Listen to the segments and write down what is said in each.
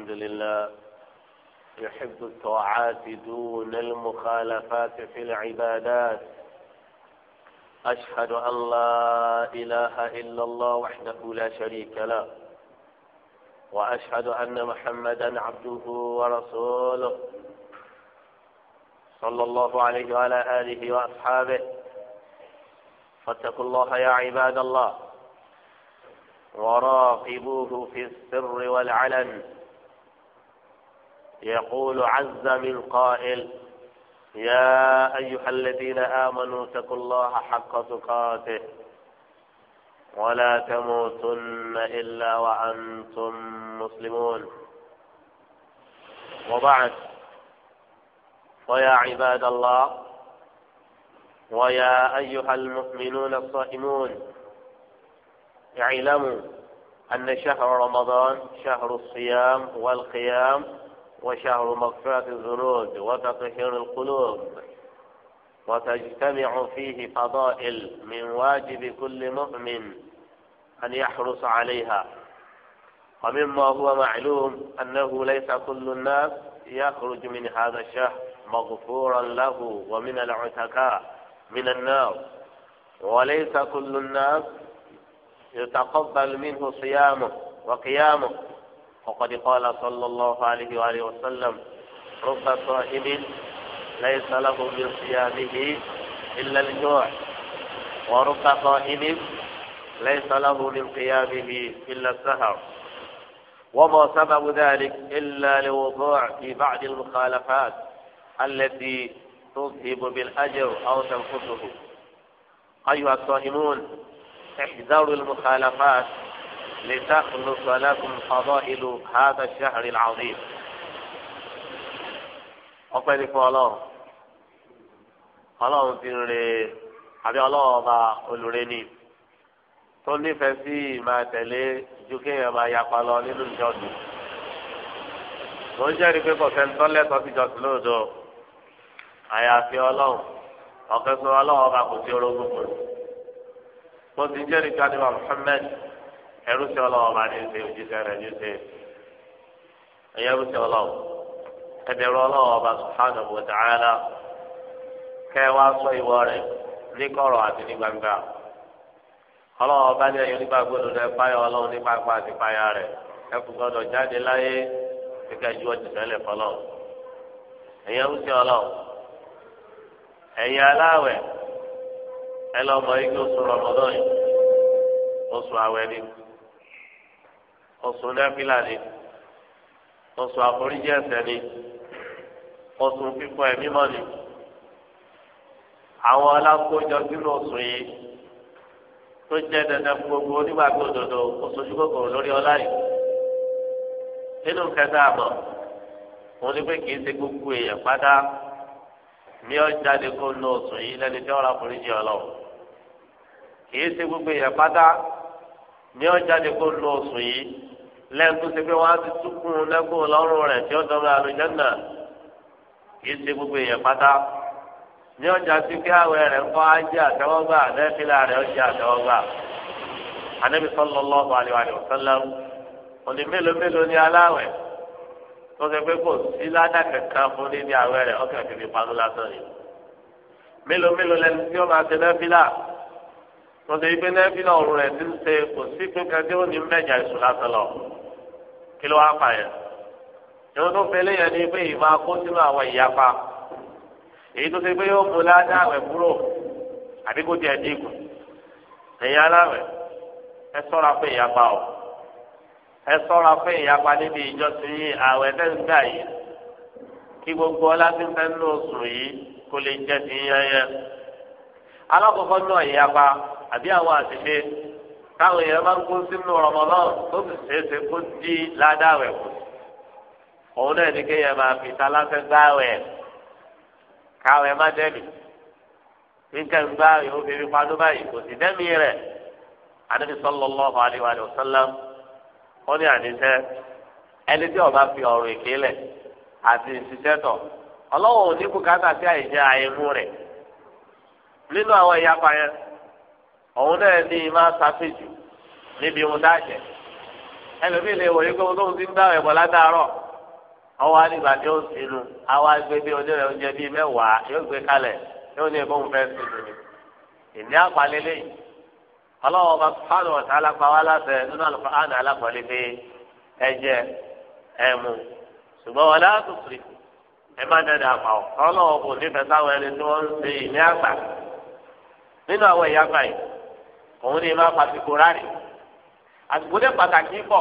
الحمد لله يحب الطاعات دون المخالفات في العبادات أشهد أن لا إله إلا الله وحده لا شريك له وأشهد أن محمدا عبده ورسوله صلى الله عليه وعلى آله وأصحابه فاتقوا الله يا عباد الله وراقبوه في السر والعلن يقول عز من قائل يا أيها الذين آمنوا اتقوا الله حق تقاته ولا تموتن إلا وأنتم مسلمون وبعد ويا عباد الله ويا أيها المؤمنون الصائمون اعلموا أن شهر رمضان شهر الصيام والقيام وشهر مغفرة الذنوب وتطهير القلوب وتجتمع فيه فضائل من واجب كل مؤمن أن يحرص عليها ومما هو معلوم أنه ليس كل الناس يخرج من هذا الشهر مغفورا له ومن العتكاء من النار وليس كل الناس يتقبل منه صيامه وقيامه وقد قال صلى الله عليه وآله وسلم رب صائم ليس له من صيامه إلا الجوع ورب صائم ليس له من قيامه إلا السهر وما سبب ذلك إلا لوقوع في بعض المخالفات التي تذهب بالأجر أو تنقصه أيها الصائمون احذروا المخالفات لتخلص لكم فضائل هذا الشهر العظيم ọpẹ́ni fún ọlọ́run ọlọ́run ti rè àbí ọlọ́run ọba olùrẹ́ni tó nífẹ̀ẹ́ sí máa tẹ̀lé ju kéèyàn máa yapa lọ nínú ìjọsìn mo ń jẹ́rìí pé kọ̀ọ̀kan tó lẹ́tọ̀ọ́ sí ìjọsìn lóòótọ́ àyàfi ọlọ́run ọ̀kẹ́sọ̀ ọlọ́run ọba kò sí orogún pẹ̀lú mo ti jẹ́rìí pé adébà ẹrú sí ọlọ́wọ́ bá ní ṣe òjíṣẹ́ rẹ̀ ní ṣe ẹyẹrú sí ọlọ́wọ́ ẹbẹ̀rù ọlọ́wọ́ bá subhanahu wa ta'ala kẹ́ wá sọ ìwọ rẹ̀ ní kọ̀rọ̀ àti ní gbangba ọlọ́wọ́ bá ní ẹyẹ nígbà gbọdọ̀ rẹ̀ páyọ ọlọ́wọ́ nípa apá àti páyà rẹ̀ ẹ kò gbọdọ̀ jáde láyé kíkẹ́ ju ọtí tẹ́lẹ̀ fọlọ́ ẹyẹrú sí ọlọ́wọ́ aláwẹ̀ ẹ lọ́mọ igi oṣù oṣù àwẹ̀ oṣù nẹ́fìlà ni oṣù àforíjì ẹ̀ṣẹ̀ ni oṣù fífọ ẹ̀mí mọ́ ni àwọn alákòójọ sínú oṣù yìí tó jẹ́ dandan gbogbo onígbàgbọ́ òdodo oṣù ṣùgbọ́n lórí ọlá yìí nínú kẹta àmọ́ wọn ní pé kì í ṣe gbogbo èèyàn pátá ní ọjà lè kó nù oṣù yìí lẹ́ni tí wọ́n ra foríjì ọlọ́run kì í ṣe gbogbo èèyàn pátá ní ọjà lè kó nù oṣù yìí lẹ́yìn tó ṣe pé wọ́n á ti túkùn lẹ́kùn lọ́rùn rẹ̀ tí ó dọ́gba àlùjànnà kì í ṣe gbogbo èèyàn pátá ní ọjà sí kí àwẹ̀ rẹ̀ ńkọ́ ajé àtẹ́wọ́gbà àdẹ́fílà rẹ̀ ọjà àtẹ́wọ́gbà Ànábì sallallahu alaihi wa sallam òní mélòó mélòó ní aláwẹ̀ tó ṣe pé kò sí ládà kankan fún ní ní àwẹ̀ rẹ̀ ọkàn fìdí pamọ́ lásán ni mélòó mélòó lẹni tí ó máa ṣe nẹ́fílà tó ṣe pé nẹ́fílà ọ̀rùn rẹ̀ ti ń ṣe kò sí pé kẹ́kẹ́ ó ní mẹ́jà ìṣù lásán lọ kí ló wá pa yẹn ìwọ tó fẹlẹ yẹn ni pé ìmọ̀ akó sínú àwọn ìyapa èyí tó ṣe pé yóò mú ládá àwẹ̀ kúrò àbí kó tiẹ̀ dínkù ẹ̀yin aláwẹ̀ ẹ sọ́ra fún ìyapa o ẹ sọ́ra fún ìyapa níbi ìjọsìn yìí àwẹ̀ tẹ́ǹgà yìí kí gbogbo ọlá tí ń fẹ́ nínú oṣù yìí kó lè jẹ́ ti yẹn yẹn alákọ̀ọ́kọ́ náà ìyapa àbí àwọn àṣìṣe táwọn èèyàn bá ń kó sínú Ramadan tó sì ṣeéṣe kó di ládàwẹ kù òun náà ní kéèyàn máa fi taláṣẹ gbáwẹ káwẹ má dẹbi nǹkan gbá obìnrin padó báyìí kò sì dẹ́mi rẹ̀ Ànábì sallallahu alaihi wa sallam ó ní àdìsẹ́ ẹni tí ọba fi ọ̀rọ̀ ìkélẹ̀ àti ìṣiṣẹ́tọ̀ ọlọ́wọ́ òní bùkátà sí àìjẹ àìmú rẹ̀ nínú àwọn ìyapa yẹn. òun náà ní máa ṣàfihàn níbi ohun dájẹ ẹlòmíì lè wòye pé olóhùn ti ń dá ẹ̀bọ̀ látàárọ̀ ọwọ́ àdìgbà tí ó ń sinú àwọn agbègbè onírẹ̀ oúnjẹ bíi mẹ́wàá yóò gbé kalẹ̀ yóò ní ìbọn fẹ́ sinú ni ìní àpàlélẹ̀ yìí ọlọ́wọ́ bá fáwọn ọ̀tá alápáwá nínú alápọ̀lẹ́ pé ṣùgbọ́n wọn ẹ má dẹ́dẹ́ àpà ọ̀ ọlọ́wọ́ kò nífẹ̀ẹ́ sáwọn ẹni tí wọ́n òun ni máa pàṣípò rárẹ̀ àsìkò dé pàtàkì pọ̀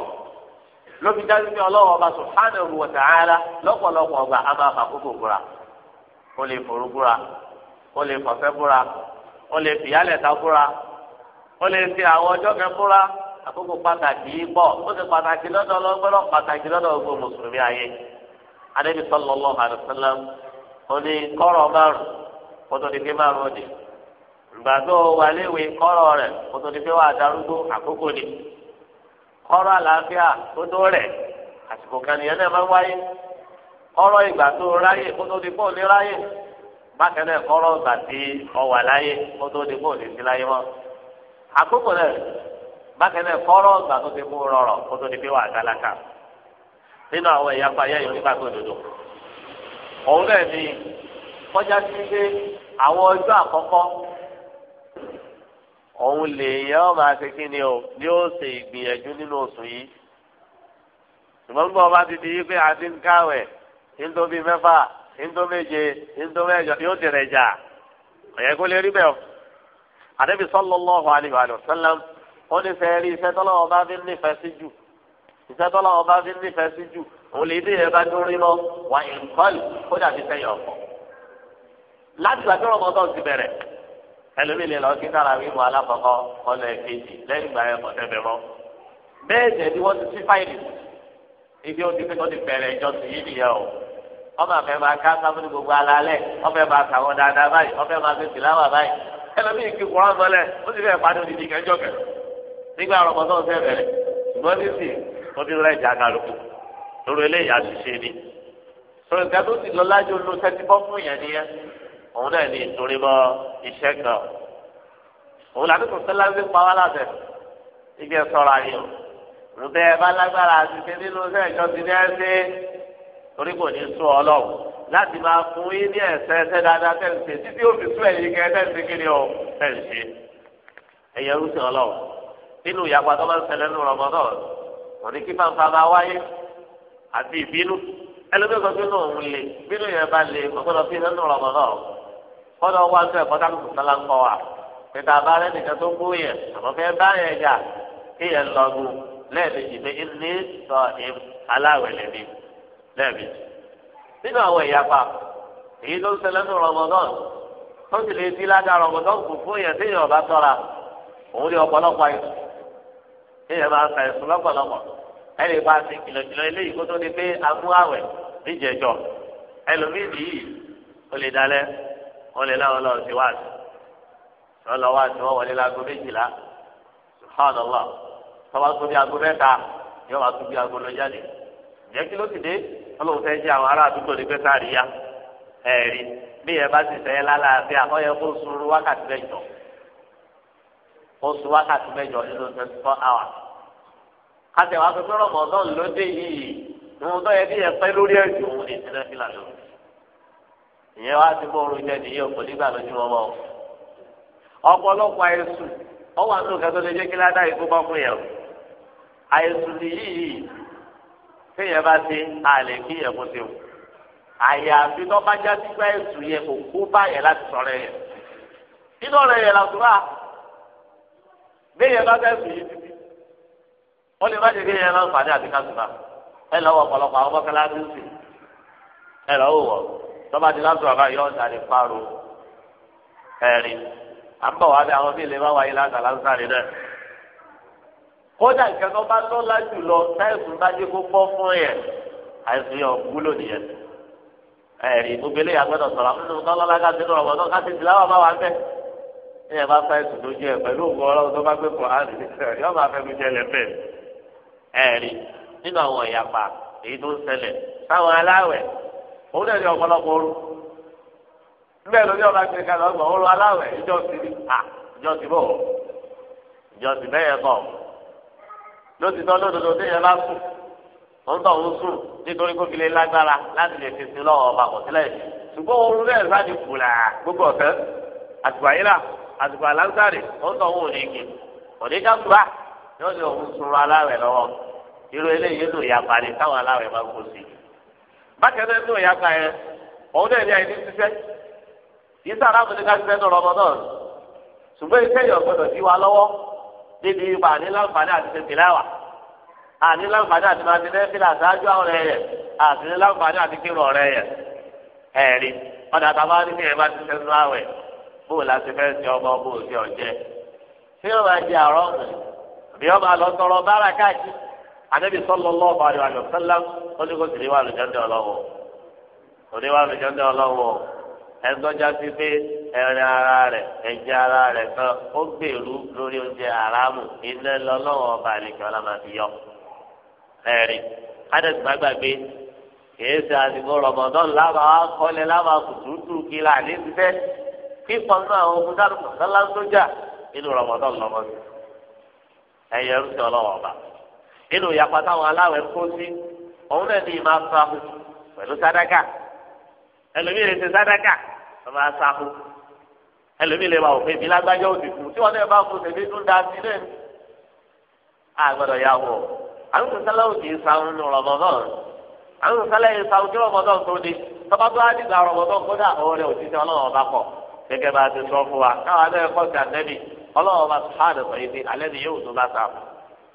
lóbi dájú pé ọlọ́wọ́ ọba subhanahu wa ta'ala lọ́pọ̀lọpọ̀ ọgbà á máa fà kókò búra ó lè forú búra ó lè fọ̀fẹ́ búra ó lè fìyálẹ̀ta búra ó lè fi àwọn ọjọ́ kẹ búra àkókò pàtàkì yìí pọ̀ ó ti pàtàkì lọ́dọ̀ ọlọ́gbọ́dọ̀ pàtàkì lọ́dọ̀ gbogbo mùsùlùmí ayé adébísọ̀ lọ́lọ́ àdùsálàm kọ́rọ̀ márùn-ún ìgbà tó wà léwe kọ́rọ̀ rẹ̀ kó tó di pé wà á darúgbó àkókò ni kọ́rọ̀ àlàáfíà tó tó rẹ̀ àsìkò kan nìyẹn náà máa ń wáyé kọ́rọ̀ ìgbà tó ráyè kó tó di pé òní ráyè bákan náà kọ́rọ̀ ìgbà tí ọwà láyé kó tó di pé òní sí láyé mọ́ àkókò náà bákan náà kọ́rọ̀ ìgbà tó ti mú rọrọ̀ kó tó di pé wà á dálákà nínú àwọn ẹ̀yà pa yẹ́yìn onígbàgbọ́ òdodo òun náà ni kọjá òun lèèyàn ọmọ akékin ni o ni ó ṣe ìgbìyànjú nínú oṣù yìí ṣùgbọ́n nígbà wọn bá ti di wípé àti ń káwẹ̀ nítorí mẹ́fà nítorí méje nítorí mẹ́jọ yóò tẹ̀rẹ̀ jà ọ̀yẹ́ kó lè rí bẹ́ẹ̀ o àdébí sallallahu alaihi wa sallam ó ní fẹ́ rí iṣẹ́ tọ́lọ́wọ́ bá fi ń nífẹ̀ẹ́ sí jù iṣẹ́ tọ́lọ́wọ́ bá fi ń nífẹ̀ẹ́ sí jù òun lè dé yẹn bá rí lọ wà ìǹkọ́lì kó dàbí sẹ́yìn ọ̀pọ̀ láti gbàgbé ọmọ ọ̀tọ̀ ti bẹ̀rẹ̀ ẹlòmíì lè lọ sí kára wíwọ alákọ̀ọ́kọ́ ọ̀nà èkejì lẹ́yìn ìgbà yẹn kọ̀ tẹ́lẹ̀ mọ́ bẹ́ẹ̀ jẹ́ ni wọ́n ti sí fáìlì ibi ó ti fi kọ́ni bẹ̀rẹ̀ ẹjọ́ sí yìí nìyẹn o ọmọ àfẹ́ máa ká sáfún ní gbogbo alalẹ́ ọfẹ́ máa kàwọn dáadáa báyìí ọfẹ́ máa fi tìláwà báyìí ẹlòmíì kí kúrọ́ mọ́lẹ̀ ó ti fẹ́ pàdé odidi kẹjọ kẹ nígbà rọmọdún fẹ́ bẹ̀rẹ̀ ṣùgbọ́n nísìnyí ó ti rẹ̀ jà kálukú lórí eléyìí àṣìṣe ni. sọ̀rọ̀ ìgbà tó ti lọ lájú olú sẹ́tí bọ́ fún yẹn nìyẹn òun náà ní ìtúrímọ́ iṣẹ́ kan òun làbí kò sẹ́lá ń pa wá láṣẹ igi ẹ̀sọ́ra yìí o rúbẹ́ ẹ bá lágbára àti ṣe nínú iṣẹ́ ìjọ ti ní ẹ́sẹ́ torí kò ní sún ọlọ́run láti máa fún yín ní ẹ̀sẹ̀ ẹ̀sẹ̀ dáadáa tẹ̀sí títí ó fi sún ẹ̀yìn kẹ́ tẹ̀sí kiri o tẹ̀sí ẹ̀yẹ rúṣin ọlọ́run nínú ìyàpá tó bá ń ṣẹlẹ̀ nínú rọmọdọ́ wọn ni kí fáńfà máa wáyé àti ìbínú ẹlẹ́gbẹ́ sọ pé náà òun lè bínú yẹn bá lè gbọ́dọ̀ fi hàn nínú rọmọdọ́ kọ́nà wá sí ẹ̀kọ́ táwọn kùsùn sálá ń kọ́ wa pété abáyé nìkan tó kú yẹn àmọ́ fẹ́ bá yẹn jà kí yẹn lọ́gùn lẹ́ẹ̀mejì pé ní sọ ìm aláwẹ̀ lẹ́mí lẹ́ẹ̀mejì. nínú àwọn ìyapa èyí ló ń ṣẹlẹ̀ ní rọmọdán tó sì lè di ládàá rọmọdán kù fún yẹn tí ọba tọ́ra òun ní ọ̀pọ̀lọpọ̀ ẹ̀sùn kí máa sa ẹ̀sùn wọn lè láwọn lọ sí wáàsí wọn lọ wáàsí wọn wọlé láago méjìlá subhanallah tọ́wọ́ tó bí aago mẹ́ta yóò wá tó bí aago lọ jáde jẹ́ kí ló ti dé wọn lòun fẹ́ àwọn ará àdúgbò ní pẹ́sà rí ya bí ẹ bá ti sẹ́yìn lálàáfíà ọ yẹ kó sùúrù wákàtí mẹ́jọ kó sùúrù wákàtí mẹ́jọ nínú twenty four hours kásẹ̀ wá pé pé rọ̀mọ̀dọ́n lóde yìí ìwọ̀n tó yẹ kí yẹ lórí ẹ̀jọ̀ òun ní sinẹ́fìlà lónìí. ìyẹn wá sí bóoru jẹ nìyẹn òkò nígbà lójú wọn ọ̀pọ̀lọpọ̀ àìsùn ọwọ́ àti òkè tó lè jẹ kí ládàá ikú bá fún yẹn o àìsùn nìyí kéèyàn bá ti àlè kéèyàn kó ti o àyàfi tó bá já sí pé àìsùn yẹn kò kú báyẹn láti sọ̀rọ̀ yẹn nínú ọ̀rọ̀ yẹn làtúrà bá fẹ́ sùn yìí títí wọ́n lè má ṣe kéèyàn lọ́nfààní àti kásùnà ẹ lọ́wọ́ ọ̀pọ̀lọpọ̀ ti ẹ tọ́ba ti lásùrọ̀ bá yọ ọ̀sán ní fáàrù ẹ̀rí àbọ̀ wá bí àwọn fílẹ̀ bá wáyé lásán lásán ní náà. kódà ìkẹ́kọ̀ọ́ bá lọ́la jùlọ táìsùn bá dé kó fọ́ fún yẹn àìsùn yẹn wúlò nìyẹn. ẹ̀rí gbogbo eléyà gbọ́dọ̀ sọ̀rọ̀ àwọn ọmọdé ọlọ́lá ká sínú ọ̀rọ̀ ọ̀dọ́ ká sì ti láwà bá wà bẹ́ẹ̀. ẹ̀yẹ bá táìsùn lójú ẹ̀ pẹ̀lú ògùn ọlọ́run tó bá gbé kùrán òun náà ní ọ̀pọ̀lọpọ̀ ooru níbẹ̀ lóní ọba ti kalẹ̀ ọgbà ooru aláwẹ̀ ìjọ ti rí à ìjọ ti bò ìjọ ti bẹ́yẹ kọ̀ ló tọ́ lódodo bá sùn òun tọ̀ ń sùn nítorí kó fi lágbára láti lè fi sin lọ́wọ́ ọba kọ̀sílẹ̀ ṣùgbọ́n sáàdì gbogbo àtùkù àyílà àtùkù òun tọ̀ ń òní òní ba náà nínú ìyá yẹn òun náà ní àyè ní ṣiṣẹ́ yìí sára mi ní ká ṣiṣẹ́ nínú Ramadan ṣùgbọ́n iṣẹ́ yìí ọ̀gbọ́dọ̀ wa lọ́wọ́ níbi ipa àti àti máa ti ọ̀rẹ́ àti kírun ọ̀rẹ́ ẹ̀rí ọ̀dà tá a bá ní kí ẹ bá ti ṣiṣẹ́ nínú àwẹ̀ bóò la ti fẹ́ ṣe ọmọ bóò ṣe ọ̀jẹ́ àrọ́ anabi sallallahu alaihi wa sallam ọdún kò sì ní wà lójọ́ ndé ọlọ́wọ́ òní wà lójọ́ ndé ọlọ́wọ́ ẹgbọ́njá sí pé ẹrin ara rẹ̀ ẹ̀jẹ̀ ara rẹ̀ kan ó gbèrú lórí oúnjẹ aráàmù iná lọ́lọ́wọ́ ọba àlejò ọlọ́màbí yọ ẹ̀rí adẹ́sì má gbàgbé kìí ṣe àsìkò rọmọdán lábà wá kọ́lé lábà kùtùtù kílà ní ti fẹ́ kíkan àwọn ogun dárúkọ sálá sójà nínú rọmọdán lọ́mọdé ẹ̀yẹ rúṣẹ́ ọlọ́wọ́ ọba nínú ìyapa táwọn aláwẹ̀ kó sí òun náà ní ìmọ̀ asahu pẹ̀lú sadaka ẹlòmíì lè ṣe sadaka ọmọ asahu ẹlòmíì lè wà òfin ìbílẹ̀ agbájá òdìkú tí wọn náà bá fún tèmi tún da sí náà àgbọ̀dọ̀ yà wọ̀ àwọn sọ̀sálà òdì ìsàwọn rọ̀mọ̀dọ̀n àwọn sọ̀sálà ìsàwọn ojú rọ̀mọ̀dọ̀n tó dé tọ́pátọ́ àdìgbà rọ̀mọ̀dọ̀n kódà ọ̀rẹ́ òtítọ́ ọlọ́run ọba kọ̀ gẹ́gẹ́ bá a ti sọ fún wa káwọn adé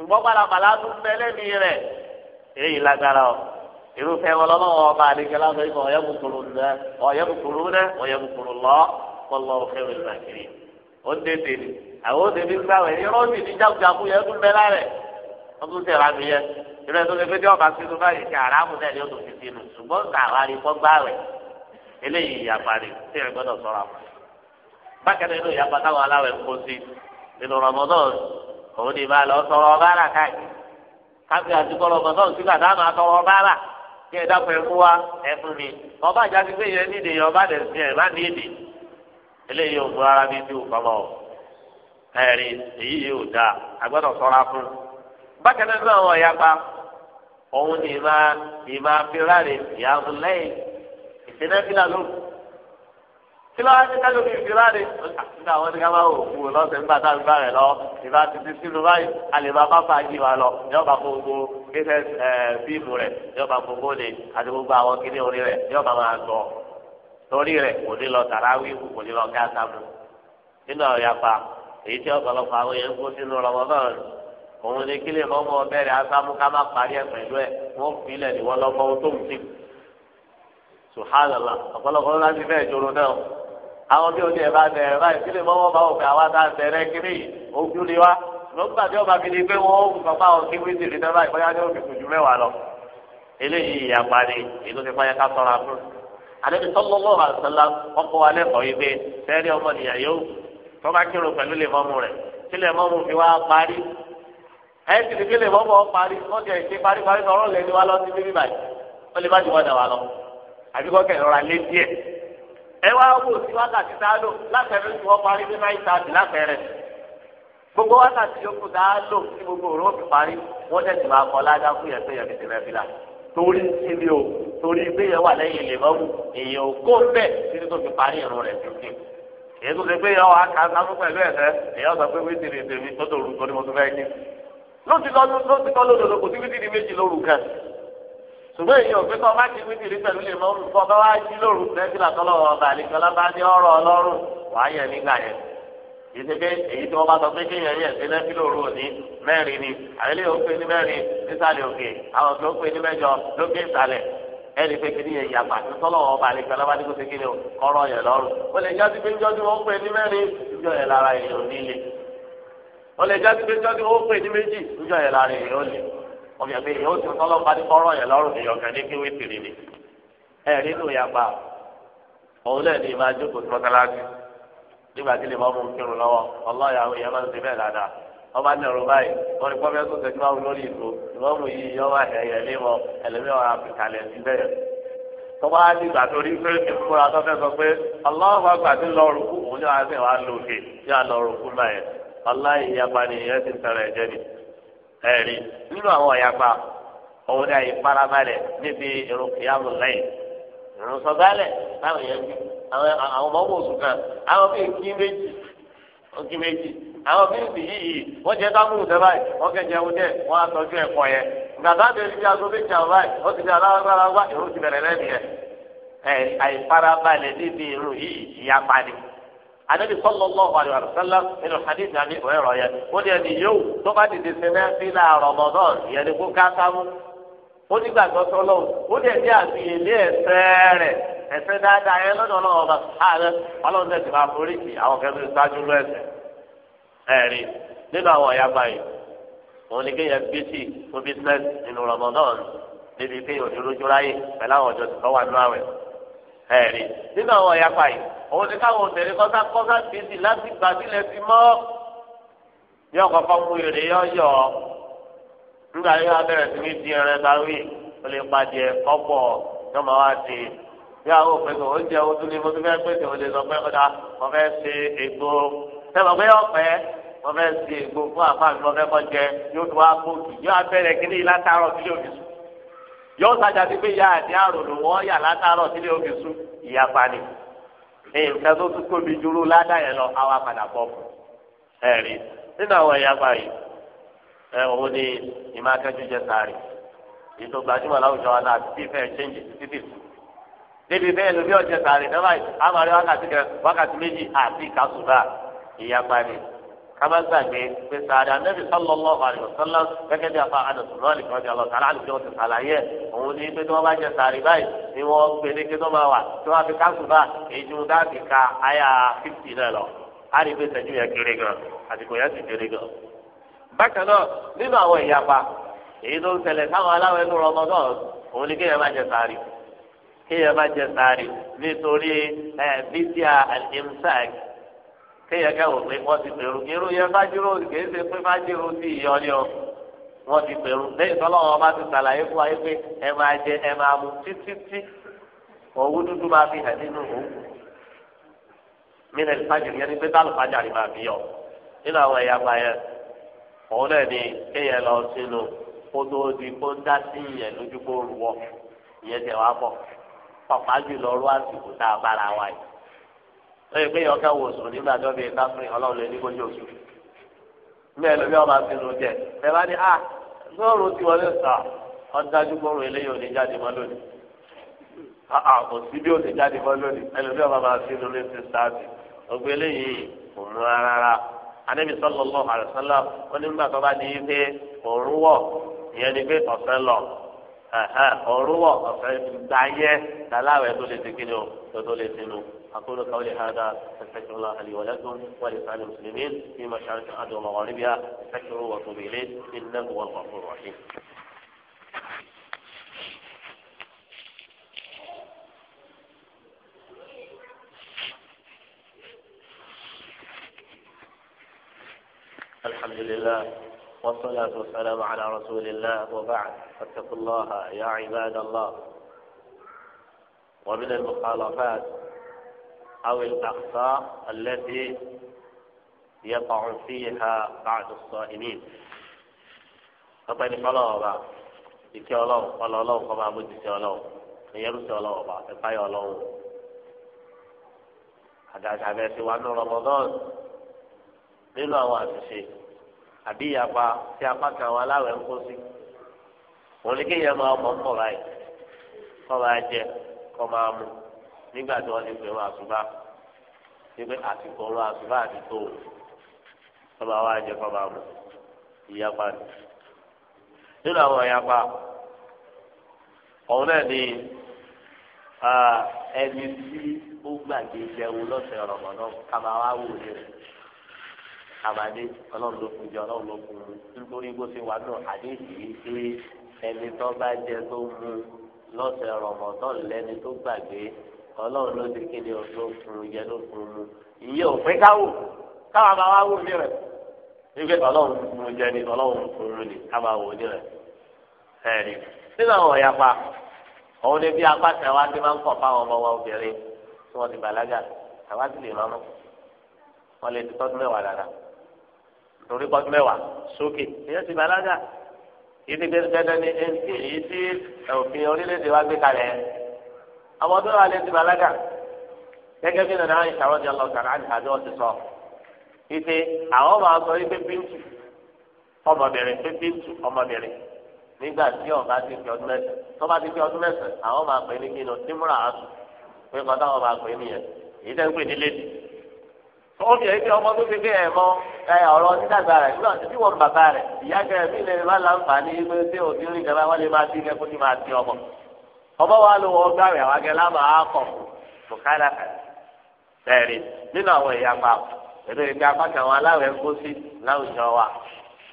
ṣùgbọ́n pàlàpàlà tún fẹ́ lẹ́mí rẹ̀ èyí lágbára o irúfẹ́ wọn lọ́wọ́ ọba àdìgẹ́ lásán ikọ̀ ọ̀yẹ́bùkúrú náà ọ̀yẹ́bùkúrú náà ọ̀yẹ́bùkúrú lọ́ kọ́lọ́ òfin rẹ̀ nàkiri ó ń dèdè ni àwọn ó dèdè nígbà wẹ̀ irọ́ sì ní jákujáku yẹn tún bẹ́ lárẹ̀ wọ́n tún tẹ̀ lámi yẹn irọ́ tó ṣe pé tí ọba sínú báyìí ṣe àràmù náà ni ó tún fi sínú ṣùgbọ́n kàwá ni kọ́ gbá rẹ̀ eléyìí ìyàpá òun ni máa lọ sọ̀rọ̀ bára káyìí káfíà àdúgbò lọ́mọ a máa sọ̀rọ̀ bára kí ẹ dákun ẹ fún wa ẹ fún mi ọba àjàgbé pé yẹn nídìí yẹn ọba dẹ̀sí ẹ má ní èdè eléyìí ò mú ara mi bí ò kọ́mọ o ẹ̀rí èyí yìí ò dáa agbọ́dọ̀ sọ́ra fún náà òun ni ìyá ọdún lẹ́yìn ìsinẹ́fìlà kí ló wá nígbà wọn ní ká máa wò fún nígbà tá a gbà rẹ̀ lọ ìbá ti sínú báyìí àlèbá bá yí wa lọ yóò bá gbogbo kíkẹ́ ẹ̀ fíìmù rẹ̀ yóò bá gbogbo lè àti gbogbo àwọn kíní orí rẹ̀ yóò bá máa gbọ́ torí rẹ̀ kò ní lọ tàràwí kò ní lọ gáàsà mu nínú ọ̀yàpá èyí tí ọ̀pọ̀lọpọ̀ àwọn yẹn ń kó sínú Ramadan òun ni kílè mọ́mọ́ bẹ̀rẹ̀ asámú ká má parí ẹ̀ pẹ̀lú ẹ̀ wọ́n fi ilẹ̀ ní wọ́n lọ́mọ́ tó ń tì. subhanallah ọ̀pọ̀lọpọ̀ ló láti fẹ́ẹ̀ joro náà àwọn bí oní ẹ̀ bá bẹ̀rẹ̀ báyìí kí lè mọ́wọ́ bá wọ̀ pé àwa tá a bẹ̀rẹ̀ kiri ojú ni wa lọ́gbà tí ọba fi di pé wọ́n ó sọ fún àwọn kí wíìsì rí náà báyìí bóyá ní òkè kùjú mẹ́wàá lọ. eléyìí ìyàpá ni èyí tó ti fáyà ká sọ̀rọ̀ àbúrò. àdébí sọ́lọ́lọ́ àṣàlá ọkọ̀ wa lẹ́kọ̀ọ́ yìí pé sẹ́ẹ̀rí ọmọ nìyà yóò tọ́ba kírun pẹ̀lú lè mọ́mú rẹ̀ kí lè mọ́mú fi wá parí. ẹ ti di kí lè mọ́mú ọ parí wọ́n ti ṣe paríparí sọ̀rọ̀ lẹ́ni wa lọ sí bíbí báyìí ẹ wá wò sí wákàtí tá a lò látẹ̀rẹ́ tí wọ́n parí ní náà ìtàdì látẹ̀rẹ́ gbogbo wákàtí yòókù tá a lò sí gbogbo òru òfin parí wọ́n tẹ̀sí máa kọ́ ládá fún yẹn tó yẹ kìtì rẹ̀ fi là torí síbi o torí pé yẹn wà lẹ́yìn lè mọ́wù èèyàn ò kó bẹ́ẹ̀ títí tó fi parí ìrun rẹ̀ tuntun èyí tó ṣe pé yẹn wà ká sáfún pẹ̀lú ẹ̀fẹ́ èèyàn sọ pé wíṣìrì tèmi tó tòru tó ni mo tún fẹ́ kí ló ti lọ lódodo kò sí wíṣìrì méjì lóru kan sùgbọ́n èyí ò pé kọ́ má ti wípìrì pẹ̀lú lè mọ́mú kọ́ bá wá jí lóru nẹ́fìlà tọ́lọ́wọ́ ọba àlejòlá bá ní ọ̀rọ̀ ọlọ́run wàá yẹ nígbà yẹn yìí ṣe pé èyí tí wọ́n bá sọ pé òní mẹ́rin ni ò ní mẹ́rin nísàlẹ̀ òkè àwọn tó pé ní mẹ́jọ lókè ìsàlẹ̀ ẹni pé kí ni yẹn yàgbà bá kó ṣe kí ọbẹ̀ pé yóò tún tọ́lọ́ bá ní kọ́rọ̀ yẹn lọ́rùn ní ọ̀gá ní kíwé tìrì ni ẹ nínú ìyapa òun náà ní ìmọ̀ àjókòó tí wọ́n tẹ́lá sí nígbà tí lè mọ́ mú kírun lọ́wọ́ ọlọ́ọ̀yà ìyẹn máa ń ṣe bẹ́ẹ̀ dáadáa wọ́n bá nẹ̀rù báyìí wọ́n ní pọ́fẹ́ tó tẹ̀síwá wù lórí ìlú ìwọ́n mú yí yọ wá ẹ̀yẹ léwọ́ ẹlẹ́mìí ọ̀rọ̀ àfìkàlẹ̀ sí bẹ́ẹ̀. tó bá dìgbà tó rí pé ìfúra tó fẹ́ sọ pé ọlọ́wọ́ àgbà tí lọ rùkú òun yóò wá sí lòkè yóò lọ rùkú báyẹn ọlá ìyapa ni ìyẹn ti tẹ̀rẹ̀ jẹ́ ni. ẹ̀rí nínú àwọn ọ̀yàpá òun náà yìí farabalẹ̀ níbi irun kìyàmù lẹ́yìn irun sọ̀gálẹ̀ táwọn yẹn bí àwọn ọmọ oṣù kan àwọn bíi kí méjì kí méjì àwọn bíi bì yìí wọ́n jẹ́ dábùrù tẹ́ báyìí wọ́n kẹ́ jẹun dẹ́ wọ́n á tọ́jú ẹ̀kọ́ yẹn gbàgbá bẹ̀rẹ̀ bí aago méjì àwọn báyìí ó ti di alágbára wá irun ti bẹ̀rẹ̀ anabi sallallahu alaihi wa sallam nínú hadith àbí ìwéèrò yẹn ó ní ẹni yóò tó bá dìde sí náfìlà Ramadan ìyẹn ni kó kásámú ó ní gbàgbọ́ sọlọ́wọ́ ó ní ẹni àbíyèlé ẹ̀ṣẹ̀ rẹ̀ ẹ̀ṣẹ̀ dáadáa yẹn lọ́dọ̀ ọlọ́wọ́ bá sáré ọlọ́run tẹ̀sí máa forí kì àwọn kẹ́mi ṣáájú lọ ẹ̀ṣẹ̀ ẹ̀rí nínú àwọn ọ̀yà báyìí òun ni kéèyàn bísí fún bísínẹ́sì nínú Ramadan níbi kéèyàn òjòlójú ráyè pẹ̀lú àwọn ọjọ́ tó ẹ̀rí nínú àwọn ìyapa yìí òun ni káwọn obìnrin kọ́sá kọ́sá bíbí láti gbà sílẹ̀ fi mọ́ yọ kọ́kọ́ mú èrè yọ̀yọ̀ nígbà yóò abẹ́rẹ́ sí ní di ẹrẹ báwí ó lè padìẹ kọ́pọ̀ yọ máa wá di bí àwọn òpèsè oúnjẹ ojú ni mo ti fẹ́ pèsè òde sọ pé ọ̀dà mo fẹ́ ṣe ègbò sẹ́wọ̀n pé ọ̀pẹ́ mo fẹ́ ṣe ègbò fún àpá mi mo fẹ́ kọ́ jẹ yóò tó wá kóòtù yóò abẹ́rẹ́ kíní látàárọ̀ sí yóò dì sùn yóò sájà sí pé ìyá àti àròlò wọn yà látàárọ̀ sílé òfin sùn ìyá pani nǹkan tó tún tóbi dúró ládàáyẹn lọ àwa padà bọ̀ fún ẹ̀rí nínú àwọn ẹ̀yà pa yìí ẹ̀ òun ni ìmọ̀ akẹ́jú jẹ sáré ètò gbajúmọ̀ láwùjọ wa náà títí fẹ́ẹ́ ṣéǹjì títí sùn débi bẹ́ẹ̀ lóbi ọ̀jẹ̀ sáré náà báyìí àmàlẹ́ wákàtí kẹ wákàtí méjì àti kásùbà ìyá pani kaba gbàgbé pé sàdà nẹ́bí sallallahu alaihi wasallam gẹ́gẹ́ bí afa àdàtúrọ̀ nìkan ọjà lọ sàrà àlùfẹ́ wọn ti sàlàyé òun ní pé tí wọ́n bá jẹ sàrì báyìí ni wọ́n gbé ní kí tó máa wà tí wọ́n fi káàkùn bá èjì wọn dáàbì ka àyà fífì náà lọ á rí i pé sẹ́jú yẹn kéré gan àsìkò yẹn sì kéré gan. bákan náà nínú àwọn ìyapa èyí tó ń ṣẹlẹ̀ táwọn aláwẹ̀ ní rọmọdọ́n téèyàn kẹ́ wò pé wọ́n ti pèrú irú yẹn bá jíró kìí ṣe pé bá jíró sí ìyọ ni o wọ́n ti pèrú lẹ́yìn tọ́lọ́wọ́n bá ti ṣàlàyé fún wa yìí pé ẹ máa jẹ ẹ máa mu títí tí òwú dúdú máa fi hàn nínú òwú mílẹ̀ ìfàjì yẹn ni pé tá lùfàjà rí máa fi yọ nínú àwọn ẹ̀yà àgbà yẹn òun náà ni kéèyàn lọ sínú kótó di kó ń dá sí ìyẹn lójú kó rú wọ ìyẹn tẹ̀ wá pọ̀ pàpá jùlọ rú àsìkò tá a bára wa lóye pé yọ̀ọ́ ká wò sùn nígbà tó bí káfíń ọlọ́run lè ní kójú òsù mbẹ́ lómi ọba ti rún jẹ bẹ́ẹ̀ bá ní a ah, gbọ́rù ti wọlé sà ọ̀dájú gbọ́rù eléyìí ò jáde mọ́ lónìí àà ah, ah, kò sí bí jáde lónìí ọba máa fi rún létí sáàbì ògbé eléyìí kò mú rárá ó ní nígbà tó bá pé ìyẹn ni pé ọ̀sẹ̀ lọ ọ̀sẹ̀ gbáyé tó lè ti kí o tó tó lè أقول قولي هذا أستغفر الله لي ولكم ولسائر المسلمين في مشارق الأرض ومغاربها استغفروا وتوبوا إليه إنه هو الغفور الرحيم الحمد لله والصلاة والسلام على رسول الله وبعد فاتقوا الله يا عباد الله ومن المخالفات أو الأخطاء التي يقع فيها بعض الصائمين ọpẹni kọlọ ọba ìkẹ́ Ọlọ́run kọlọ Ọlọ́run kọba abójútì Ọlọ́run ìyẹrùsì Ọlọ́run ọba ìpáyọ Ọlọ́run àdàtà bẹsẹ wà ní Ramadan nínú àwọn àṣìṣe àbí ìyapa tí apá kan àwọn aláwẹ̀ ń kó sí òun ni kéèyàn máa mọ̀ ń pọ̀ báyìí kọ́ máa jẹ kọ́ máa mú nígbà tí wọ́n ti pè wọ́n àṣùbà pípé àsìkò ọ̀rọ̀ àṣùbà àti tó ọba wa jẹ kọba mu ìyapa ni nínú àwọn ìyapa ọ̀hún náà ni ẹni tí ó gbàgbé jẹun lọ́sẹ̀ ọ̀rọ̀mọ̀nà kàmá wa wò ní rẹ̀ kàmádé ọlọ́run ló fún jẹ ọlọ́run ló fún un nítorí bó ṣe wà náà àdéhùn yìí pé ẹni tó bá jẹ tó mu lọ́sẹ̀ ọ̀rọ̀mọ̀nà lẹ́ni tó gbàgbé ọlọ́run ló ti kéde ọ̀dọ́ fún un jẹ ló fún un mu ìyẹn ò pé káwò káwọn bá wá wò ní rẹ wípé ọlọ́run fún un jẹ ni ọlọ́run fún un ni káwọn wò ní rẹ ẹ̀rí nínú àwọn ọ̀yà pa òun ni bí apá tẹ̀wá ti máa ń kọ̀ fáwọn ọmọ wa obìnrin tí wọ́n ti bàlágà àwa ti lè rán wọn lè ti tọ́jú mẹ́wàá dáadáa torí kọ́tún mẹ́wàá sókè ìyẹn ti bàlágà yìí ti ní èyí tí òfin orílẹ̀-èdè wa gbé kalẹ̀ àwọn ọdún wa lè ti bàlágà gẹ́gẹ́ bí nana ayé sàrọ́jì ọlọ́ọ̀tàrà àti àjọ ti sọ ife àwọn máa sọ ife bíntù ọmọbìnrin ife bíntù ọmọbìnrin nígbà tí ọba ti fi ọdún mẹ́sàn tó bá ti fi ọdún mẹ́sàn àwọn máa pè ní kíni tìmúra àtù pé kọ́tà wọn máa pè nìyẹn èyí tẹ́ ń pè ní lédi. omi ẹ̀ fi ọmọ tó fi fi ẹ̀ mọ ọ̀rọ̀ dídàgbà rẹ̀ nígbà tí wọ́n bàbá rẹ̀ ìyá ọba wa ló wọ gbàwé àwọn akẹ́lẹ́ àmọ́ akọ bùkálà tẹ̀rí nínú àwọn èèyàn pa ètò ìgbé apá kan àwọn aláwẹ̀ ń kó sí láwùjọ wa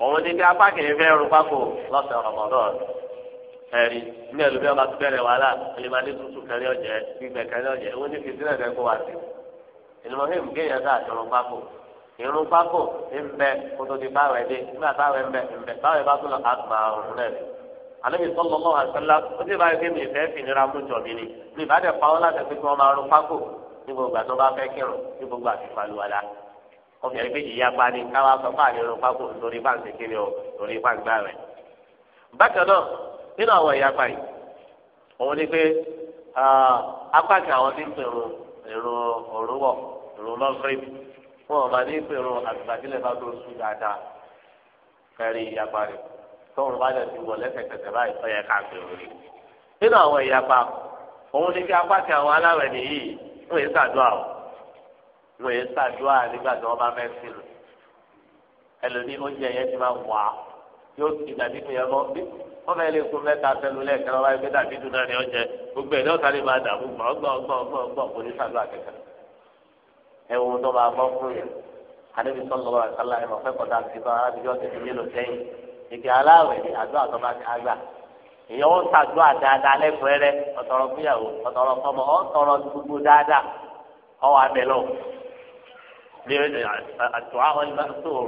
òun ní bí apá kìíní fẹ́ rún pákó lọ́sẹ̀ ọ̀rọ̀mọ̀dọ́ ẹ̀rí ní ẹlòmíọ́ bá tún bẹ̀rẹ̀ wàhálà olùmọ̀dé tuntun kẹrẹ́ ọ̀jẹ́ gbígbẹ kẹrẹ́ ọ̀jẹ́ òun ní fìdí náà dẹ́kun wá sí ènìmọ̀ fún mi kéèyàn sáà tó rún pákó irun pákó ń bẹ kótó ti báwẹ̀ dé nígbà táwẹ̀ ń bẹ ń bẹ báwẹ̀ bá tún lọ ànábì sọlọ mọ àṣẹlá ó sì bá gbé mi ìfẹ́ fìnira mú jọ mi ni mi bá dẹ̀ pa ọ́ láti pé kí wọ́n máa ní gbogbo àti bá fẹ́ kírun ní gbogbo àti ìfàlùwàlà ọkùnrin méjì yá pa ni káwá sọ fún àlè rún pákó lórí báńkì kí ni o lórí báńgbà rẹ̀. bákan náà nínú àwọn ìyá pa yìí òun ni pé apá kan àwọn tí ń pè rún èrò òrùwọ̀ èrò lọ́gírìbì wọn ò ní pè rún àgbàdìlẹ̀ bá tó tọ́wọ́n bá dẹ̀ ti wọ̀ lẹ́sẹ̀kẹsẹ̀ báyìí tó yẹ ká nínú àwọn ìyapa òun ní kí apá ti àwọn aláwẹ̀ nìyí wọ́n yé ṣàdúrà o wọ́n yé ṣàdúrà nígbà tí wọ́n bá fẹ́ lò ẹlòmí oúnjẹ yẹn ti máa wà á yóò ti dàbí dùn yẹn bí wọ́n fẹ́ lè kó mẹ́ta fẹ́lu lẹ́ẹ̀kan wọ́n bá yẹ pé dàbí dùn náà ní oúnjẹ gbogbo ẹ̀ náà sáré máa dààmú gbọ̀n gbọ̀n gbọ̀n gbọ̀n gbọ̀n kò ní ṣàdúrà kẹ̀kẹ́ ẹ tó máa bọ́ fún yẹn àdébísọ́ lọ́wọ́ àkàlà ẹ̀ mọ̀ fẹ́ kọ́ta ìgbà aláwẹ̀ ni àdúrà tó bá ti àgbà èèyàn ó ṣàdúrà dáadáa lẹ́kùnrin rẹ ọ̀tọ̀rọ̀ fúyàwó ọ̀tọ̀rọ̀ fọmọ ọ̀tọ̀rọ̀ gbogbo dáadáa ọwọ́ abẹ lọ. الدعاء المأثور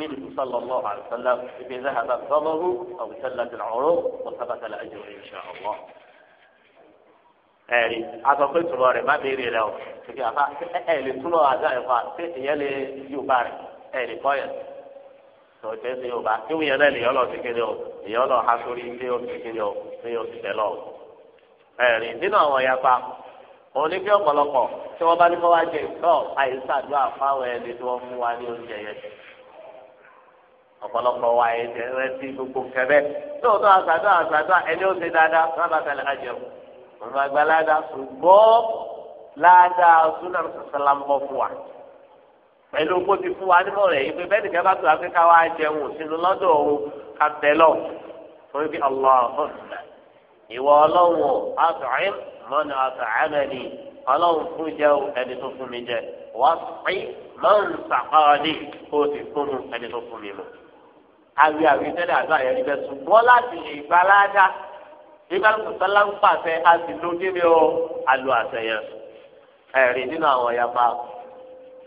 منه صلى الله عليه وسلم إذا ذهب الضمر أو سلت العروق وثبت الأجر إن شاء الله ẹ̀rí asọ̀pẹ́ ìtumọ̀ rẹ̀ má béèrè rẹ̀ o ẹ̀rí túnọ̀ àdáyẹ̀fà ẹ̀yẹ́ sọ jẹ́ sí yorùbá kíwù yẹn náà nìyọ́ lọ sí kíni o nìyọ́ lọ ha sórí ilé o sí kíni o ní o sì tẹ́lọ̀ ẹ̀rìn nínú àwọn yapa òun ní bí ọ̀pọ̀lọpọ̀ tí wọ́n bá ní kọ́ wá jẹ ìtọ́ àìsàdúrà fáwọn ẹni tí wọ́n fún wa ní oúnjẹ yẹn ọ̀pọ̀lọpọ̀ wa ẹ̀ jẹ́ ẹ ti gbogbo kẹ̀mẹ́ lóòótọ́ àṣàdúrà àṣàdúrà ẹni ó ṣe dáadáa rábà tẹ̀lé ajẹun òun àgbà pẹ̀lú kó ti fún wa nímọ̀ rẹ̀ yìí pé bẹ́ẹ̀ nìkan bá tó afẹ́ká wa jẹun sínú lọ́dọ̀ òun ká bẹ̀ lọ. wọ́n fi ọlọ́run ìwọ ọlọ́run àtọ̀rìn mọ́nà àtọ̀rẹ́mẹ́ni ọlọ́run fún jẹ́ ẹni tó fún mi jẹ wá pé mọ́n sàkọ́ọ̀dì kó ti fún ẹni tó fún mi mu. àwì àwì tẹ́lẹ̀ àdúrà yẹn níbẹ̀ ṣùgbọ́n láti lè gba ìbálòpọ̀ sálá àti lójú mi ó àlù àṣẹyẹ ẹ̀rí nínú àwọn ìyapa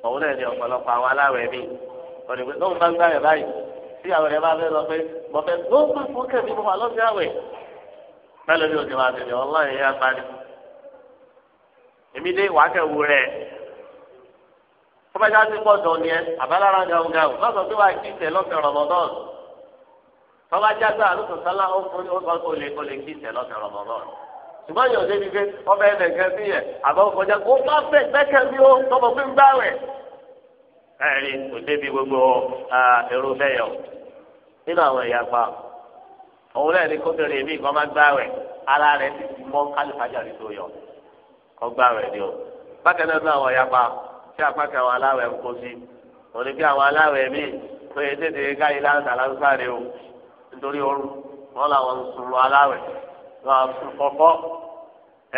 òun náà ní ọ̀pọ̀lọpọ̀ àwọn aláwẹ̀ mi ọ̀nà ìwé lóun bá ń gbáyọ̀ báyìí tí àwọn ẹ̀ bá fẹ́ lọ pé mo fẹ́ ló bá fún kẹ́mi mo wà lọ́sẹ̀ àwẹ̀ bẹ́ẹ̀ lórí òde máa tẹ̀lé ọlọ́run yẹn bá ní. èmi dé ìwà kẹwù rẹ̀ fúnbẹ́sà ti pọ̀ dán ni ẹ àbálára gàù lọ́sọ̀ tó wà kí tẹ̀ lọ́sẹ̀ rọ̀mọ́dọ́n ṣùgbọ́n yóò débi pé ọmọ ẹ̀ nìkan sí yẹn àbọ̀ kọjá kó má fẹ́ gbẹ́kẹ̀ bí ó tọmọ fún gbá rẹ̀. ẹ̀rí kò débi gbogbo èrò bẹ́yọ̀ nínú àwọn ẹ̀yà pa òun náà ní kóbìnrin mi kan máa gbá rẹ̀ ara rẹ̀ ti ti mọ́ kálífàjà rí tó yọ kọ́ gbá rẹ̀ ni o. bákan náà àwọn ẹ̀yà pa tí apákan àwọn aláwẹ̀ ń kó sí òun bí àwọn aláwẹ̀ mi pé tètè káyí láǹtà láǹtà rẹ o nítorí oorun wọn làwọn ń sunrun aláwẹ̀ máa sùn kọ́kọ́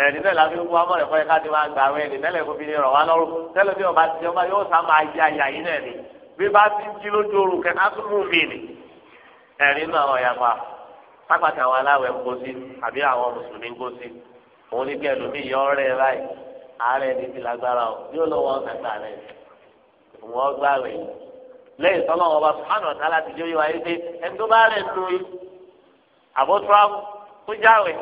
ẹni bẹ́ẹ̀ la fi wú amọ̀ rẹ̀ fọ́yẹ́ káàdì máa gbà wẹ́ẹ̀ni tẹ́lẹ̀ kó fi ní rọ̀ wá lọ́rùn tẹ́lẹ̀ bí ọba ti ọba yóò sá máa yí àyà yín náà ni bí bá ti jí lójú oorun kẹta tó mú mi nì ẹ̀rí náà ọ̀yà pa pápákọ̀ àwọn aláwẹ̀ ń kó sí àbí àwọn mùsùlùmí ń kó sí òun ní kí ẹlòmíì yọ ọ́rẹ́ báyìí ààrẹ ní ti lágbára o yóò lọ wọn kàkà rẹ wọn gbà rẹ lẹ́yìn tọ́lọ́wọ́ bá sùn kó jáwé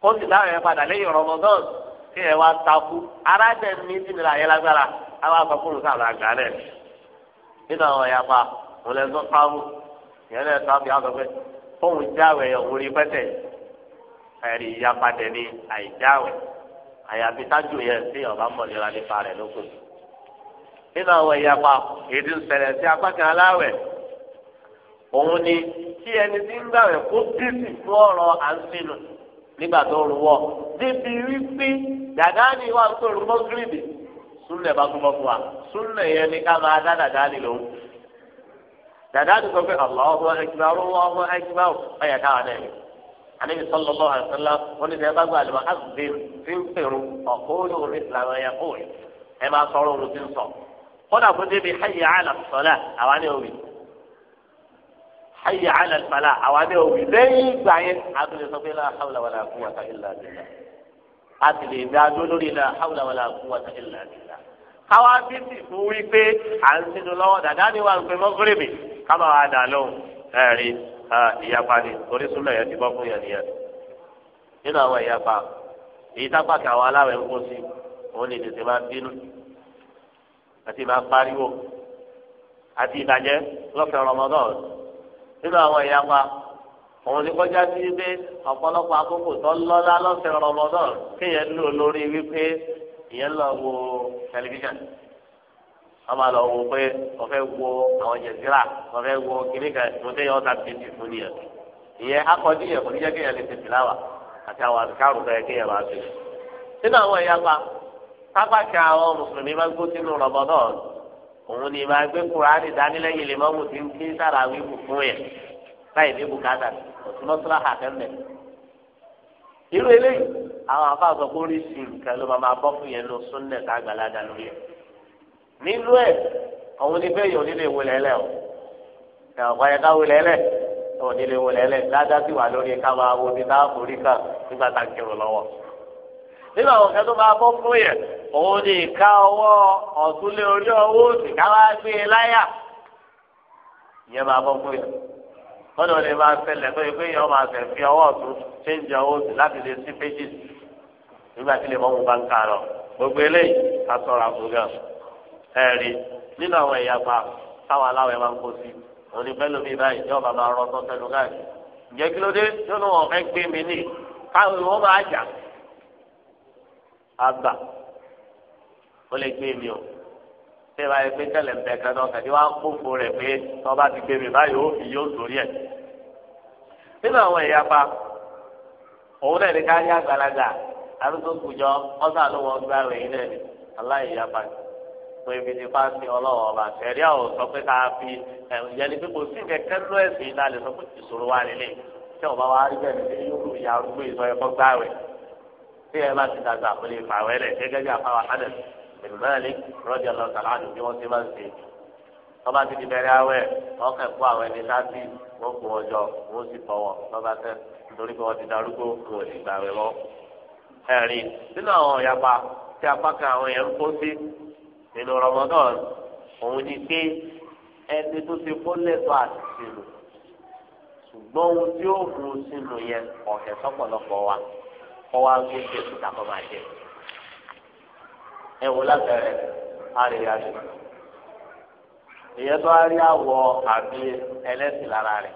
kó sì láwọn padà lẹ́yìn rọmọdọ́n tí ẹ wá takú ara dẹ̀ ní tìmí la yẹ lágbára àwọn akọkùnrin sábà gà nínú àwọn ẹ̀yà pa òun lẹ́nu ìyẹn fóun jáwé òun rí pẹ́tẹ́ ẹ̀rí ọba mọ̀lẹ́ra nípa rẹ̀ nínú àwọn èdè sí apá kan aláwẹ̀ òun ni. kí ẹni tí ń gbàwẹ̀ kó bísí fún ọ̀rọ̀ à ń sinú nígbà tó ń wọ̀ débi wípé dàdá ni wà ń pèrò mọ́gírìdì súnlẹ̀ bá gbọ́ fún wa súnlẹ̀ yẹn ni ká máa dá dàdá ni lòun dàdá ni sọ pé Allahu akbar Allahu akbar ọ̀yà káwọn náà yẹn anabi sallallahu alaihi wa sallam wọn ni sẹ bá gba àlùmọ azubin e, fi ń pèrò ọkọọlù orí islam ẹyà kóòlù ẹ máa sọ̀rọ̀ ohun tí ń sọ kódà fún débi hayya ala salah àwa ni òbí ayé àlẹ fàlà àwọn abẹ́ òbí lẹ́yìn ìgbà yẹn àtúnṣe sọ pé la hawla wala quwwata illa billah àti lè dá dó lórí la hawla wala quwwata illa billah káwá bí sì fún wípé à ń sinú lọ́wọ́ dàdá ni wà ń pè mọ́gírèmì kábà wà dà lóhùn ẹ̀rí ìyapa ni orísun lẹ̀yẹ ti bọ́ fún yẹn nìyẹn nínú àwọn ìyapa èyí tápá kí àwọn aláwẹ̀ ń kó sí òun lè tètè máa bínú àti máa pariwo àti ìbàjẹ́ lọ́fẹ̀ẹ́ rọmọdọ́ọ̀sì nínú àwọn ẹ̀yà wa òun ti kọjá sí pé ọ̀pọ̀lọpọ̀ àkókò tó lọ́lá lọ́sẹ̀ rọmọdán kéèyàn lò lórí wípé ìyẹn lọ wo tẹlifíṣàn wọ́n máa lọ wo pé wọ́n fẹ́ wo àwọn jẹ̀síra wọ́n fẹ́ wo kíní kan ìmúdé yẹn ọ̀tá bíi fún nìyẹn ìyẹn akọ́jú yẹn kò ní jẹ́ kéèyàn lè tètè láwà àti àwọn àdìkárù fẹ́ kéèyàn máa fi nínú àwọn ẹ̀yà wa pápákẹ́ àwọn mùsùlùmí máa ń kó sínú rọmọdán òun ni máa gbé kuraani dánilẹ́yìn lè mọ́mù tí ń kí sára wíwù fún yẹn báyìí ní bùkátà òtún lọ́sọ́lá àtẹ́lẹ̀. irú eléyìí àwọn afáàsọ kó rí sí nǹkan ló máa bọ́ fún yẹn ló súnlẹ̀ kágbàládà lórí ẹ̀. nínú ẹ̀ òun ni bẹ́ẹ̀ yóò nílé wọlé ẹlẹ́ o ẹ̀ ọ̀pá yẹn ká wọlé ẹlẹ́ òun nílé wọlé ẹlẹ́ dáadáa sì wà lórí ká máa wo bí táwọn forí kà nígbà tá òun lè ká ọwọ́ ọ̀túnlé orí ọwọ́ òsì ká wá gbé e láyà ìyẹn máa bọ́ fún lè máa ṣẹlẹ̀ pé máa fi ọwọ́ ọ̀tún ṣe ń gbogbo eléyìí ká sọ̀rọ̀ àbúgà nínú àwọn ẹ̀yà pa táwọn aláwọ̀ ẹ̀ máa ń kó sí òun ni báyìí máa rọ́ ó lè gbé mi o ṣé ìbáyé pé tẹ́lẹ̀ ń bẹ kan náà kàdí wàá kófò rẹ̀ pé tọ́ba ti gbé mi báyìí ó fi yóò sórí ẹ̀ nínú àwọn ìyapa òun náà ní ká yá àgbàlagbà arúgbó kùjọ ọ̀sán ló wọ́n gbá rẹ̀ yín náà ní aláìyapa pé ibi ti fa sí ọlọ́wọ́ ọba sẹ̀rí àwọn sọ pé ká fi ẹ̀yẹ́ni pé kò sí kẹ̀kẹ́ ló ẹ̀sìn iná lè sọ pé ìṣòro wa nílé tí ọba wa rí bẹ́ẹ̀ ní yóò lù ya arúgbó ìsọ ẹ̀kọ́ gbá rẹ̀ tí ẹ bá ti dàgbà kò lè fà wẹ́lẹ̀ gẹ́gẹ́ bí àfáwà hánẹ̀ bin Malik radiyallahu ta'ala anhu bí wọ́n ti máa ń ṣe tọ́ba ti di bẹ̀rẹ̀ awẹ́ wọ́n kàn kó àwọn ẹni láti wọ́n kó wọn jọ wọ́n sì fọwọ́ tọ́ba tẹ́ nítorí pé wọ́n ti darúgbó kó o lè gbà wẹ̀ lọ. ẹ̀rí nínú àwọn ìyapa tí apá kan àwọn èèyàn ń kó sí nínú Ramadan òun ni pé ẹni tó ti kó lẹ́tọ̀ àti sinú ṣùgbọ́n ohun tí ó mú sínú yẹn ọ̀kẹ́ sọ́pọ̀lọpọ̀ wa kọ́ wa gbé ṣe kùtà kọ́ máa jẹ́ ẹ wò lábẹ́rẹ́ arìnrìnàjò ìyẹn tó á rí àwọ̀ àbí ẹlẹ́sìn lára rẹ̀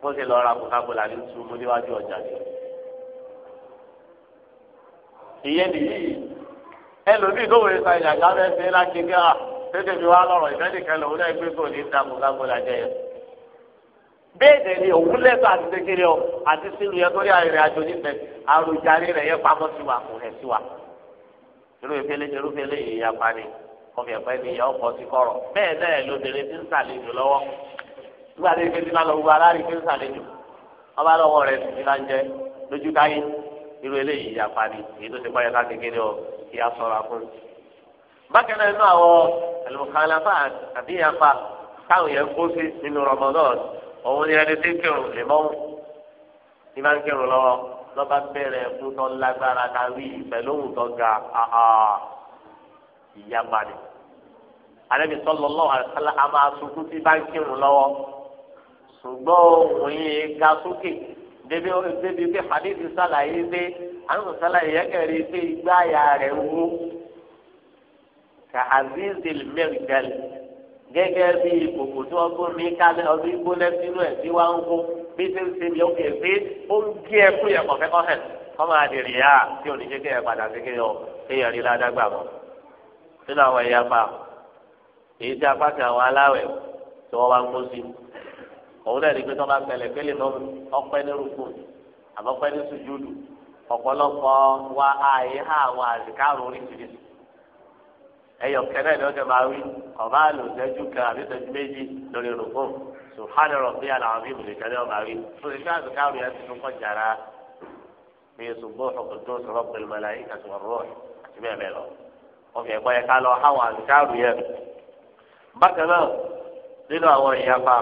bó ṣe lọ ra kókákó làbí túbú níwájú ọjà ni ìyẹn nìyí ẹlòmíì tó wòye sa ìyàgá bẹ́ẹ̀ ṣe lákìkẹ́ à tètè fi wá lọ́rọ̀ ìfẹ́ nìkan lòun náà gbé kò ní í da kókákó làjẹ yẹn bẹ́ẹ̀ dẹ̀ ni òun lẹ́sọ̀ àti kékeré ọ àti sílu yẹn tó rí arìnrìnàjò nífẹ̀ẹ́ àròjàre rẹ̀ yẹn pamọ́ sí wa kò hẹ̀ sí wa irú ìfẹ́lẹ́ irú ìfẹ́lẹ́ yìí ya pani ọkọ̀ ẹ̀fọ́ ẹni ìyá ọkọ̀ ti kọ̀rọ̀ bẹ́ẹ̀ náà lóbìnrin ti ń sàlejò lọ́wọ́ nígbà tí ìfẹ́ ti máa lọ gbogbo aláàrí ti ń sàlejò wọ́n bá lọ́wọ́ rẹ̀ ti máa ń jẹ lójú káyé irú eléyìí ya pani èyí tó ti pọ́ yẹn ká kékeré ọ kí a sọ̀rọ̀ fún. bákan náà inú àwọn ẹlòmùkànláfà àbí yàfa táwọn yẹn kó sí nínú Ramadan òun ni ẹni tí ń kírun lè mọ́ lọ́ba bẹ̀rẹ̀ fún tọ́ lágbára ká rí ìfẹ́ lóhùn tó ga ìyapa ni. Àlẹ́bí sọ́lọ́ lọ́wọ́ àlùfáà a máa sunkún tí bá ń kírun lọ́wọ́. Ṣùgbọ́n òun yìí ga sókè débi débi pé hadithi sàlàyé pé àwọn sàlàyé yẹn kẹrì pé igbá ya rẹ̀ wú. Kà Azizil Mẹ́rìndẹ́lì gẹ́gẹ́ bí ìkòkò tí mi kálẹ̀ ọdún ìgbóná sínú tí wọ́n ń kó bí ṣe ń ṣe bí ó kè sí ó ń gé ẹkú yẹn kọ̀fẹ́ kọ́fẹ́ kọ́ máa di rìíyà tí ò ní ṣe kéèyàn padà sí kéèyàn kéèyàn rí ládàgbà mọ́ nínú àwọn ẹ̀yà pa èyí tí apá kan àwọn aláwẹ̀ tí wọ́n bá ń kó sí òun náà ní pé tó bá ń tẹ̀lé pélé lọ́mú ọpẹ́ ní rúkú àbọ̀pẹ́ ní sùjúdù ọ̀pọ̀lọpọ̀ wa ààyè hà àwọn àzìkárò oríṣiríṣi ẹ̀yọ̀ kẹ́rẹ́ ni ó ti máa wí ọ̀bá lò kan àbí sẹ́jú lórí rúkú subhana rabbi alaazim nìkan ọba rí lórí ká àzùká rẹ ti tún kọjá ra bí subuh qudus rabbil malaikati war ruh àti bẹ́ẹ̀ bẹ́ẹ̀ lọ wọn fi ẹ̀kọ́ yẹ ká lọ háwọn àzùká rẹ bákan náà nínú àwọn ìyapa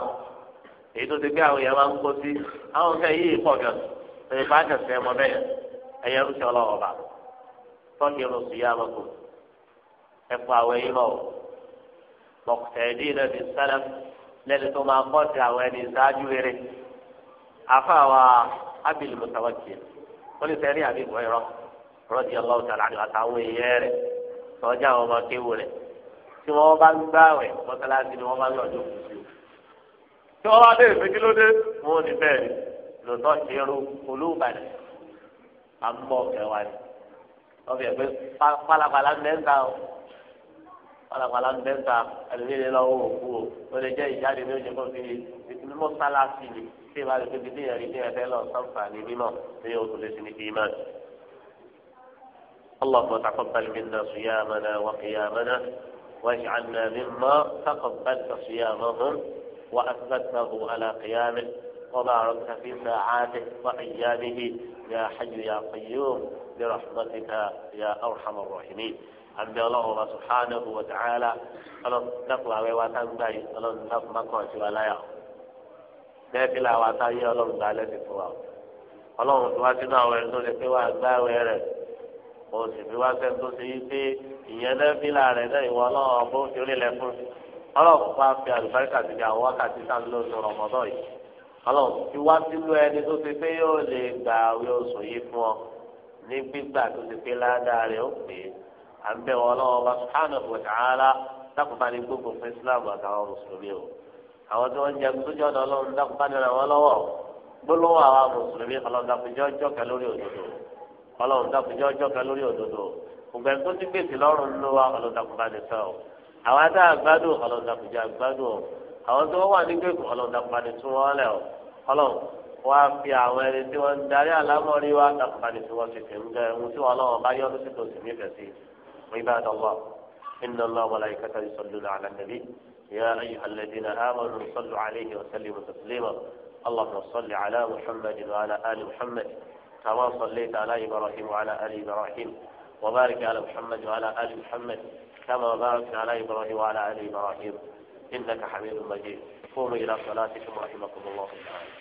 èyí tó ti gbé àwọn ìyapa ń kó sí àwọn fẹ́ yí ìpọ̀ gan èyí bá kẹsẹ̀ ọmọ bẹ́ẹ̀ ẹ̀yẹ rúṣẹ́ ọlọ́wọ́ bá tọ́kì ló sì yá lọ́kùn ẹ̀fọ́ àwọn ẹ̀yìn lọ́wọ́ mọ̀kùtẹ̀ẹ́dì náà ti sálẹ̀ lẹ́ni tó máa kọ́ ti àwọn ẹni ṣáájú eré àfàwà abil mutawakil ó lè sẹ́rí àbí ìwọ ìrọ rọ́dí ọlọ́wọ́ tààrà àti àtàwọn èèyàn rẹ̀ tọ́jà àwọn ọmọ kéwù rẹ̀ tí wọ́n bá ń gbààwẹ̀ mọ́sálásí ni wọ́n bá ń yọjú kù sí o tí wọ́n bá dé ìfikílódé wọn ò ní bẹ́ẹ̀ ni lòtọ́ ṣe é ro àmọ́ ọ̀kẹ́ wa ni ọbẹ̀ pé pálapàla ń bẹ́ẹ̀ ń ta o. palapala ń bẹ́ ta ẹlẹ́lẹ́ lọ́wọ́ òkú o ó lè jẹ́ ìjáde ní oṣù kófí ní mọ́sálásí ni tí ìbá rẹ̀ tóbi déyàn rí déyàn fẹ́ lọ sọ́ǹfààní mímọ́ ní oṣù lè sinmi fi mọ́. اللهم تقبل منا صيامنا وقيامنا واجعلنا مما تقبلت صيامهم وأثبته على قيامه وبارك في ساعاته وأيامه يا حي يا قيوم برحمتك يا أرحم الراحمين àbí ọlọ́run wa subhanahu wa ta'ala ọlọ́run dákun àwẹ̀ wa tá ń gbà yìí ọlọ́run dákun má kàn sí wa láyà o bẹ́ẹ̀ bí la wa tá yé ọlọ́run gbà lẹ́sìn fún wa o ọlọ́run tó wá sínú àwọn ẹni tó ṣe pé wà á gbá àwẹ̀ rẹ̀ o sì fi wá sẹ́ni tó ṣe yí pé ìyẹn náà bí la rẹ̀ náà ìwọ ọlọ́run ọgbọ́n fi orí fún ọlọ́run bá fi àlùbáríkà sí ní àwọn wákàtí sáà lóṣù rọ̀mọ́dọ́ à ń bẹ̀ wọ́n lọ́wọ́ bá subhanahu wa ta'ala ní gbogbo fún islam àtàwọn mùsùlùmí o àwọn tí wọ́n jẹ sójú ọ̀nà ọlọ́run dákùnbá ní ràn wọ́n lọ́wọ́ gbólóhùn àwọn mùsùlùmí ọlọ́run dákùnjọ́ ọjọ́ kan lórí òdodo ọlọ́run dákùnjọ́ ọjọ́ kan lórí òdodo ògbẹ́ tó ti gbèsè lọ́rùn ló wa ọlọ́run dákùnbá ní sọ o àwọn adá àgbádùn ọlọ́run dákùnjọ́ àgbádùn o àwọn tó wà ní gbèkùn ọlọ́run dákùnbá ní tún wọ́n lẹ̀ fi àwọn ẹni tí wọ́n ń darí àlámọ́rí wa dákùnbá ní tí ti fi ń gẹ ohun tí wọ́n ọlọ́run bá yọ́ lóṣìṣẹ́ òsì nífẹ̀ẹ́ sí i. عباد الله إن الله وملائكته يصلون على النبي يا أيها الذين آمنوا صلوا عليه وسلموا تسليما اللهم صل على محمد وعلى آل محمد كما صليت على إبراهيم وعلى آل إبراهيم وبارك على محمد وعلى آل محمد كما باركت على إبراهيم وعلى آل إبراهيم إنك حميد مجيد قوموا إلى صلاتكم رحمكم الله تعالى